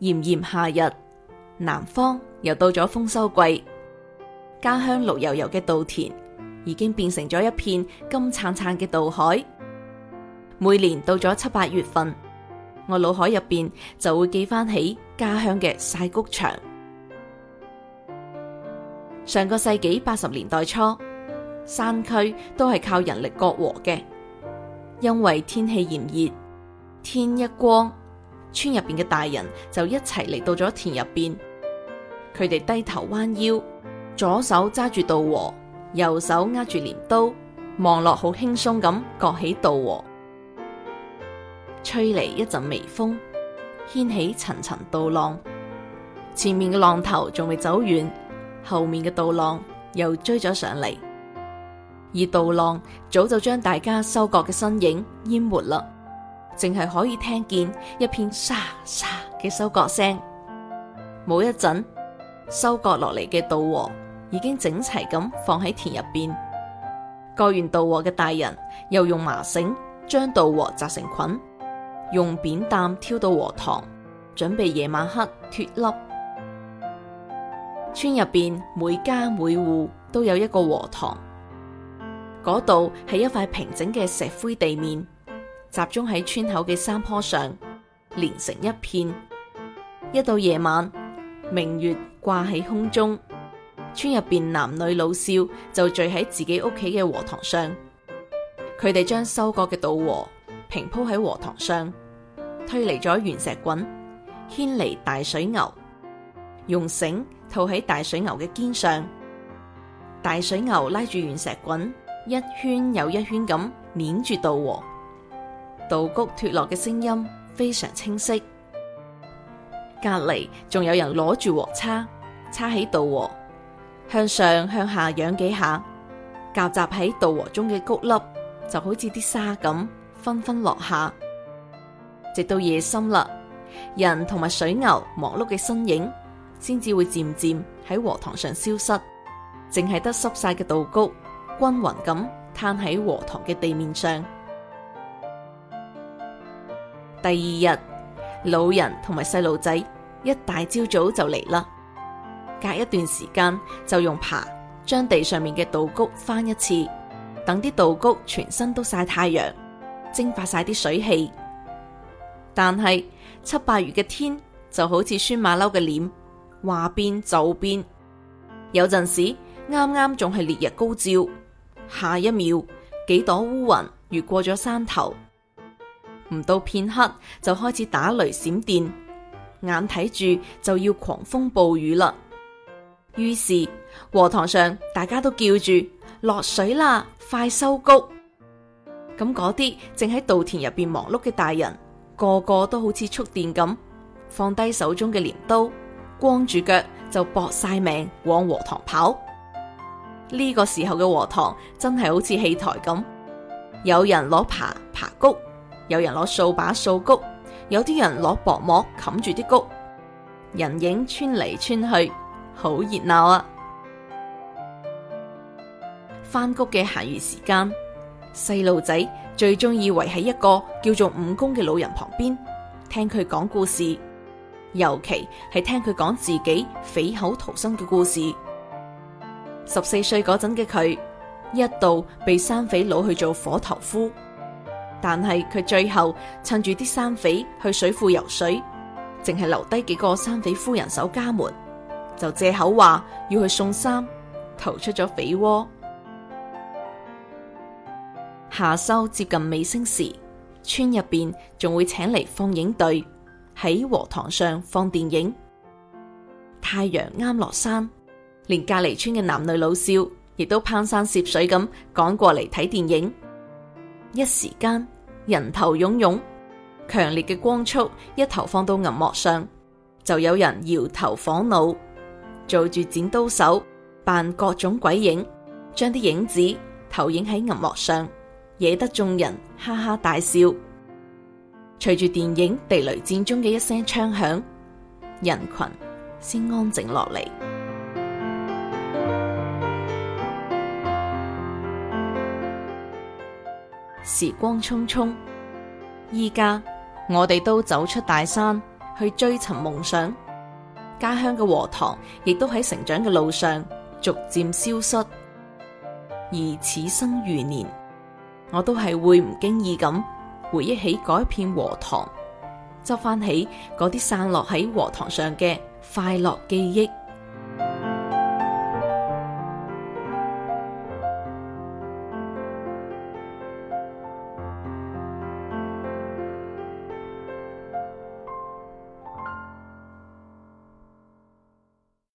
炎炎夏日，南方又到咗豐收季，家鄉綠油油嘅稻田已經變成咗一片金燦燦嘅稻海。每年到咗七八月份，我腦海入邊就會記翻起家鄉嘅晒谷場。上個世紀八十年代初，山區都係靠人力割禾嘅，因為天氣炎熱，天一光。村入邊嘅大人就一齊嚟到咗田入邊，佢哋低頭彎腰，左手揸住稻禾，右手握住鐮刀，望落好輕鬆咁割起稻禾。吹嚟一陣微風，掀起層層稻浪，前面嘅浪頭仲未走遠，後面嘅稻浪又追咗上嚟，而稻浪早就將大家收割嘅身影淹沒啦。淨係可以聽見一片沙沙嘅收割聲。冇一陣，收割落嚟嘅稻禾已經整齊咁放喺田入邊。割完稻禾嘅大人又用麻繩將稻禾紮成捆，用扁擔挑到禾堂，準備夜晚黑脫粒。村入邊每家每戶都有一個禾堂，嗰度係一塊平整嘅石灰地面。集中喺村口嘅山坡上，連成一片。一到夜晚，明月掛喺空中，村入邊男女老少就聚喺自己屋企嘅禾塘上。佢哋將收割嘅稻禾平鋪喺禾塘上，推嚟咗原石滾，牽嚟大水牛，用繩套喺大水牛嘅肩上，大水牛拉住原石滾，一圈又一圈咁碾住稻禾。稻穀脫落嘅聲音非常清晰，隔籬仲有人攞住禾叉，叉起稻禾，向上向下揚幾下，夾雜喺稻禾中嘅穀粒就好似啲沙咁，紛紛落下。直到夜深啦，人同埋水牛忙碌嘅身影先至會漸漸喺禾塘上消失，淨係得濕晒嘅稻穀均勻咁攤喺禾塘嘅地面上。第二日，老人同埋細路仔一大朝早就嚟啦。隔一段時間就用耙將地上面嘅稻谷翻一次，等啲稻谷全身都曬太陽，蒸發晒啲水汽。但係七八月嘅天就好似孫馬騮嘅臉，話變就變。有陣時啱啱仲係烈日高照，下一秒幾朵烏雲越過咗山頭。唔到片刻，就開始打雷閃電，眼睇住就要狂風暴雨啦。於是禾塘上大家都叫住：落水啦，快收谷！咁嗰啲正喺稻田入邊忙碌嘅大人，個個都好似觸電咁，放低手中嘅鐮刀，光住腳就搏晒命往禾塘跑。呢、這個時候嘅禾塘真係好似戲台咁，有人攞爬、爬谷。有人攞掃把掃穀，有啲人攞薄膜冚住啲穀，人影穿嚟穿去，好熱鬧啊！翻穀嘅閒餘時間，細路仔最中意圍喺一個叫做武功嘅老人旁邊，聽佢講故事，尤其係聽佢講自己匪口逃生嘅故事。十四歲嗰陣嘅佢，一度被山匪擄去做火頭夫。但係佢最後趁住啲山匪去水庫游水，淨係留低幾個山匪夫人守家門，就借口話要去送衫，逃出咗匪窩。夏收接近尾聲時，村入邊仲會請嚟放映隊喺禾堂上放電影。太陽啱落山，連隔籬村嘅男女老少亦都攀山涉水咁趕過嚟睇電影。一時間人頭湧湧，強烈嘅光束一投放到銀幕上，就有人搖頭晃腦，做住剪刀手，扮各種鬼影，將啲影子投影喺銀幕上，惹得眾人哈哈大笑。隨住電影《地雷戰》中嘅一聲槍響，人群先安靜落嚟。時光匆匆，依家我哋都走出大山去追尋夢想，家鄉嘅荷塘亦都喺成長嘅路上逐漸消失。而此生餘年，我都係會唔經意咁回憶起嗰一片荷塘，執翻起嗰啲散落喺荷塘上嘅快樂記憶。